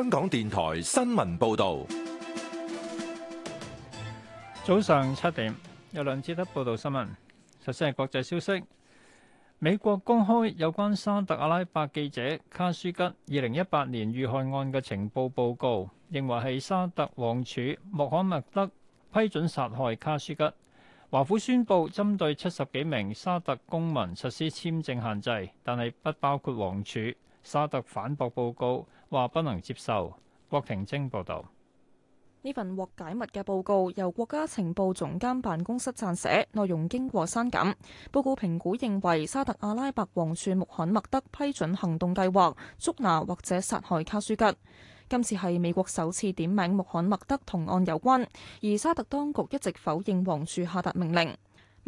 香港電台新聞報道，早上七點有梁志德報道新聞。首先係國際消息，美國公開有關沙特阿拉伯記者卡舒吉二零一八年遇害案嘅情報報告，認為係沙特王儲穆罕默德批准殺害卡舒吉。華府宣布針對七十幾名沙特公民實施簽證限制，但係不包括王儲。沙特反駁報告。話不能接受。郭婷晶報導，呢份獲解密嘅報告由國家情報總監辦公室撰寫，內容經過刪減。報告評估認為沙特阿拉伯王儲穆罕默德批准行動計劃，捉拿或者殺害卡舒吉。今次係美國首次點名穆罕默德同案有關，而沙特當局一直否認王儲下達命令。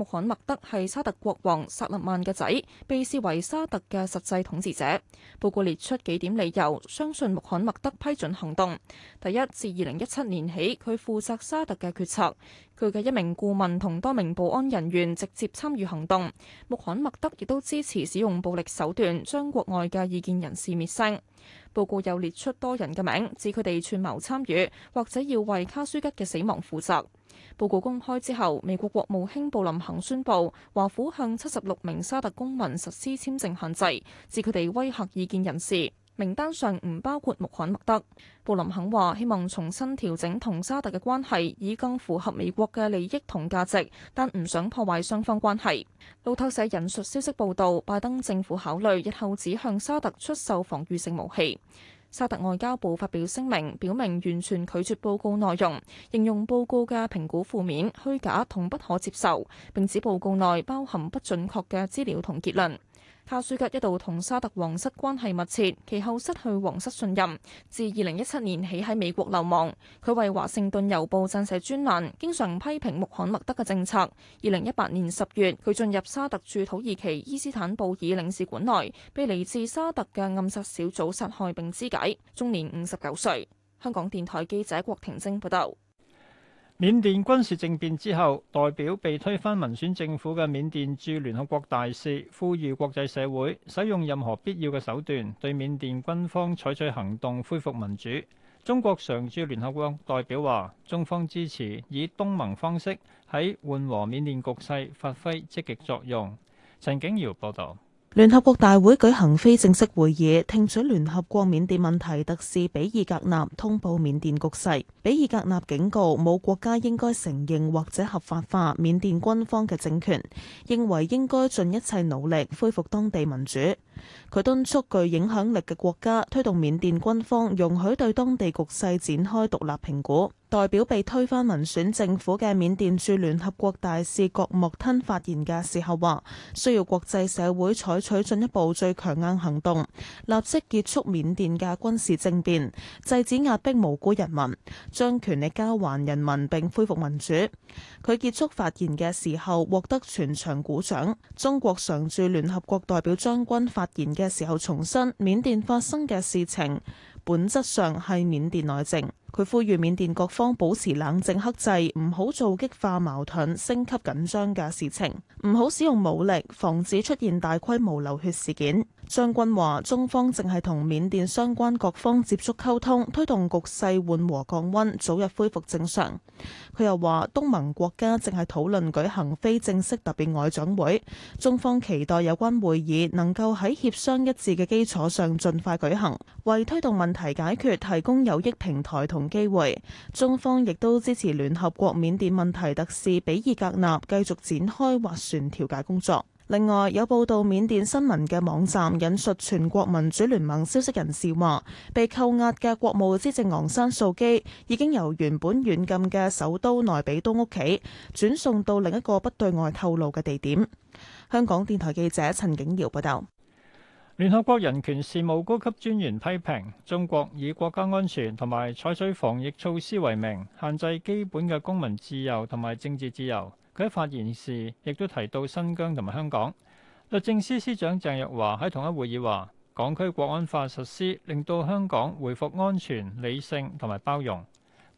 穆罕默德係沙特國王薩勒曼嘅仔，被視為沙特嘅實際統治者。報告列出幾點理由，相信穆罕默德批准行動。第一，自二零一七年起，佢負責沙特嘅決策。佢嘅一名顧問同多名保安人員直接參與行動。穆罕默德亦都支持使用暴力手段將國外嘅異見人士滅聲。報告又列出多人嘅名，指佢哋串謀參與，或者要為卡舒吉嘅死亡負責。報告公開之後，美國國務卿布林肯宣布，華府向七十六名沙特公民實施簽證限制，指佢哋威嚇異見人士。名單上唔包括穆罕默德。布林肯話：希望重新調整同沙特嘅關係，以更符合美國嘅利益同價值，但唔想破壞雙方關係。路透社引述消息報道，拜登政府考慮日後指向沙特出售防禦性武器。沙特外交部發表聲明，表明完全拒絕報告內容，形容報告嘅評估負面、虛假同不可接受，並指報告內包含不準確嘅資料同結論。卡舒吉一度同沙特皇室關係密切，其後失去皇室信任，自二零一七年起喺美國流亡。佢為華盛頓郵報撰寫專欄，經常批評穆罕默德嘅政策。二零一八年十月，佢進入沙特駐土耳其伊斯坦布爾領事館內，被嚟自沙特嘅暗殺小組殺害並肢解，終年五十九歲。香港電台記者郭婷晶報道。緬甸軍事政變之後，代表被推翻民選政府嘅緬甸駐聯合國大使呼籲國際社會使用任何必要嘅手段對緬甸軍方採取行動，恢復民主。中國常駐聯合國代表話：中方支持以東盟方式喺緩和緬甸局勢發揮積極作用。陳景瑤報道。聯合國大會舉行非正式會議，聽取聯合國緬甸問題特使比爾格納通報緬甸局勢。比爾格納警告，冇國家應該承認或者合法化緬甸軍方嘅政權，認為應該盡一切努力恢復當地民主。佢敦促具影響力嘅國家推動緬甸軍方容許對當地局勢展開獨立評估。代表被推翻民選政府嘅緬甸駐聯合國大使郭莫吞發言嘅時候話需要國際社會採取進一步最強硬行動，立即結束緬甸嘅軍事政變，制止壓迫無辜人民，將權力交還人民並恢復民主。佢結束發言嘅時候獲得全場鼓掌。中國常駐聯合國代表張軍發言嘅時候重申，緬甸發生嘅事情本質上係緬甸內政。佢呼籲緬甸各方保持冷靜克制，唔好做激化矛盾、升級緊張嘅事情，唔好使用武力，防止出現大規模流血事件。張軍話：中方正係同緬甸相關各方接觸溝通，推動局勢緩和降溫，早日恢復正常。佢又話：東盟國家正係討論舉行非正式特別外長會，中方期待有關會議能夠喺協商一致嘅基礎上盡快舉行，為推動問題解決提供有益平台同機會。中方亦都支持聯合國緬甸問題特使比爾格納繼續展開斡旋調解工作。另外有報道，緬甸新聞嘅網站引述全國民主聯盟消息人士話，被扣押嘅國務資政昂山素基已經由原本軟禁嘅首都內比都屋企轉送到另一個不對外透露嘅地點。香港電台記者陳景瑤報道。聯合國人權事務高級專員批評中國以國家安全同埋採取防疫措施為名，限制基本嘅公民自由同埋政治自由。佢喺發言時亦都提到新疆同埋香港。律政司司長鄭若驊喺同一會議話：港區國安法實施令到香港回復安全、理性同埋包容。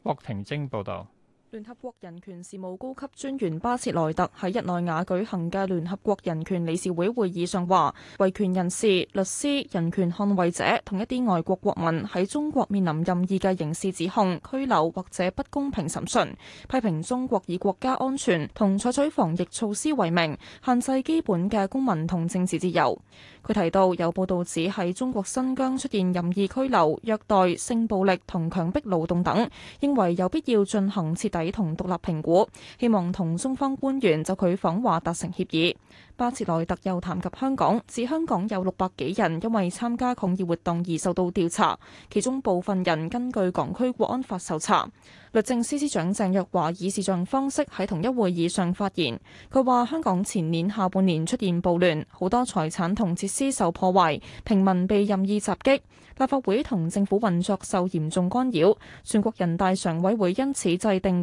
郭庭晶報導。聯合國人權事務高級專員巴切萊特喺日內瓦舉行嘅聯合國人權理事會會議上話，維權人士、律師、人權捍衛者同一啲外國國民喺中國面臨任意嘅刑事指控、拘留或者不公平審訊，批評中國以國家安全同採取防疫措施為名，限制基本嘅公民同政治自由。佢提到有報道指喺中國新疆出現任意拘留、虐待、性暴力同強迫勞動等，認為有必要進行徹底同獨立評估，希望同中方官員就佢訪華達成協議。巴切萊特又談及香港，指香港有六百幾人因為參加抗議活動而受到調查，其中部分人根據港區國安法受查。律政司司長鄭若驊以視像方式喺同一會議上發言，佢話香港前年下半年出現暴亂，好多財產同設施受破壞，平民被任意襲擊，立法會同政府運作受嚴重干擾，全國人大常委會因此制定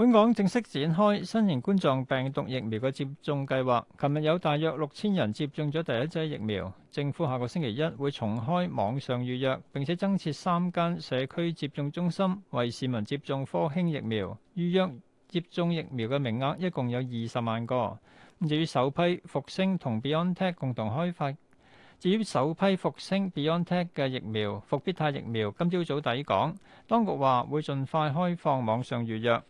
本港正式展開新型冠狀病毒疫苗嘅接種計劃。琴日有大約六千人接種咗第一劑疫苗。政府下個星期一會重開網上預約，並且增設三間社區接種中心為市民接種科興疫苗。預約接種疫苗嘅名額一共有二十萬個。咁至於首批復星同 BioNTech 共同開發，至於首批復星 BioNTech 嘅疫苗，復必泰疫苗，今朝早抵港，當局話會盡快開放網上預約。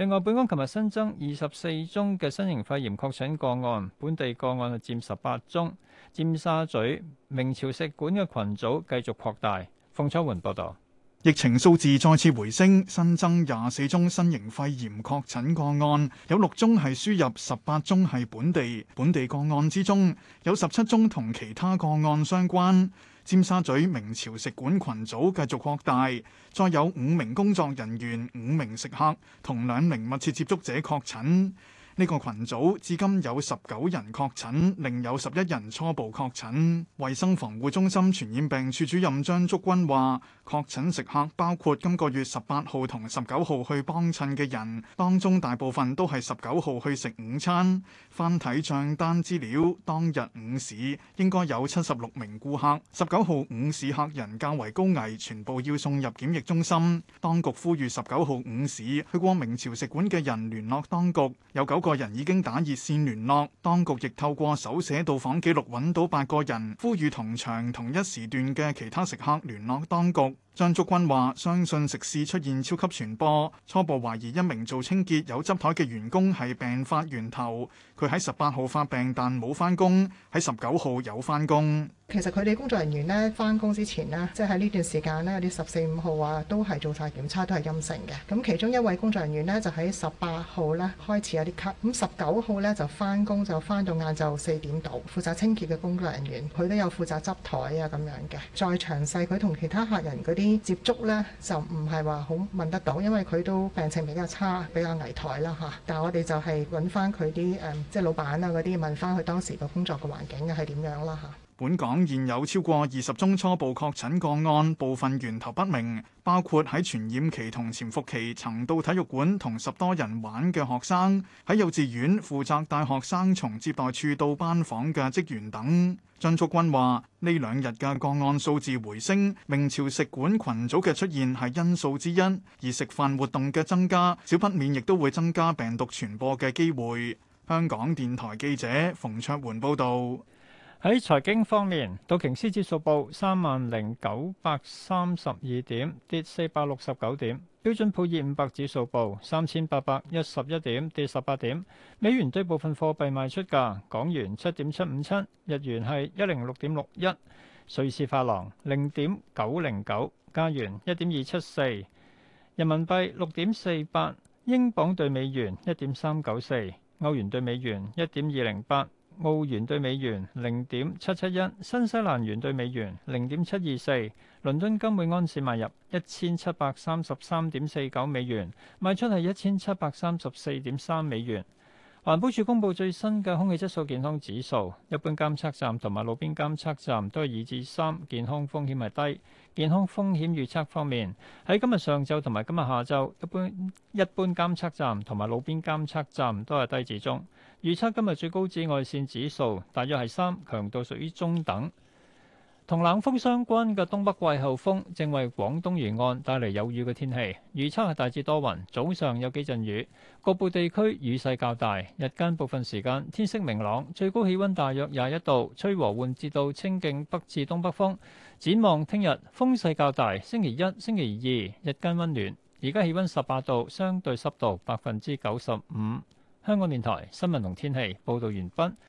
另外，本港琴日新增二十四宗嘅新型肺炎確診個案，本地個案係佔十八宗。尖沙咀明朝食館嘅群組繼續擴大。馮秋雲報導。疫情數字再次回升，新增廿四宗新型肺炎確診個案，有六宗係輸入，十八宗係本地。本地個案之中，有十七宗同其他個案相關。尖沙咀明朝食館群組繼續擴大，再有五名工作人員、五名食客同兩名密切接觸者確診。呢個群組至今有十九人確診，另有十一人初步確診。衛生防護中心傳染病處主任張竹君話，確診食客包括今個月十八號同十九號去幫襯嘅人，當中大部分都係十九號去食午餐。翻睇賬單資料，當日午市應該有七十六名顧客。十九號午市客人較為高危，全部要送入檢疫中心。當局呼籲十九號午市去過明朝食館嘅人聯絡當局，有九個。個人已經打熱線聯絡，當局亦透過手寫到訪記錄揾到八個人，呼籲同場同一時段嘅其他食客聯絡當局。張竹君話：相信食肆出現超級傳播，初步懷疑一名做清潔、有執台嘅員工係病發源頭。佢喺十八號發病，但冇翻工；喺十九號有翻工。其實佢哋工作人員呢，翻工之前呢，即係呢段時間呢，啲十四五號啊都係做晒檢測，都係陰性嘅。咁其中一位工作人員呢，就喺十八號呢開始有啲咳。咁十九號呢，就翻工，就翻到晏晝四點度負責清潔嘅工作人員，佢都有負責執台啊咁樣嘅。再詳細，佢同其他客人嗰啲。接觸咧就唔係話好問得到，因為佢都病情比較差，比較危殆啦吓。但係我哋就係揾翻佢啲誒，即係老闆啊嗰啲，問翻佢當時個工作嘅環境係點樣啦吓。本港現有超過二十宗初步確診個案，部分源頭不明，包括喺傳染期同潛伏期曾到體育館同十多人玩嘅學生，喺幼稚園負責帶學生從接待處到班房嘅職員等。張竹君話：呢兩日嘅個案數字回升，明朝食館群組嘅出現係因素之一，而食飯活動嘅增加，少不免亦都會增加病毒傳播嘅機會。香港電台記者馮卓桓報導。喺財經方面，道瓊斯指數報三萬零九百三十二點，跌四百六十九點；標準普爾五百指數報三千八百一十一點，跌十八點。美元對部分貨幣賣出價：港元七點七五七，日元係一零六點六一，瑞士法郎零點九零九，加元一點二七四，人民幣六點四八，英鎊對美元一點三九四，歐元對美元一點二零八。澳元兌美元零點七七一，新西蘭元兌美元零點七二四，倫敦金每安士賣入一千七百三十三點四九美元，賣出係一千七百三十四點三美元。環保署公布最新嘅空氣質素健康指數，一般監測站同埋路邊監測站都係二至三，健康風險係低。健康風險預測方面，喺今日上晝同埋今日下晝，一般一般監測站同埋路邊監測站都係低至中。預測今日最高紫外線指數大約係三，強度屬於中等。同冷風相關嘅東北季候風正為廣東沿岸帶嚟有雨嘅天氣，預測係大致多雲，早上有幾陣雨，局部地區雨勢較大。日間部分時間天色明朗，最高氣温大約廿一度，吹和緩至到清勁北至東北風。展望聽日風勢較大，星期一、星期二日間温暖。而家氣温十八度，相對濕度百分之九十五。香港電台新聞同天氣報導完畢。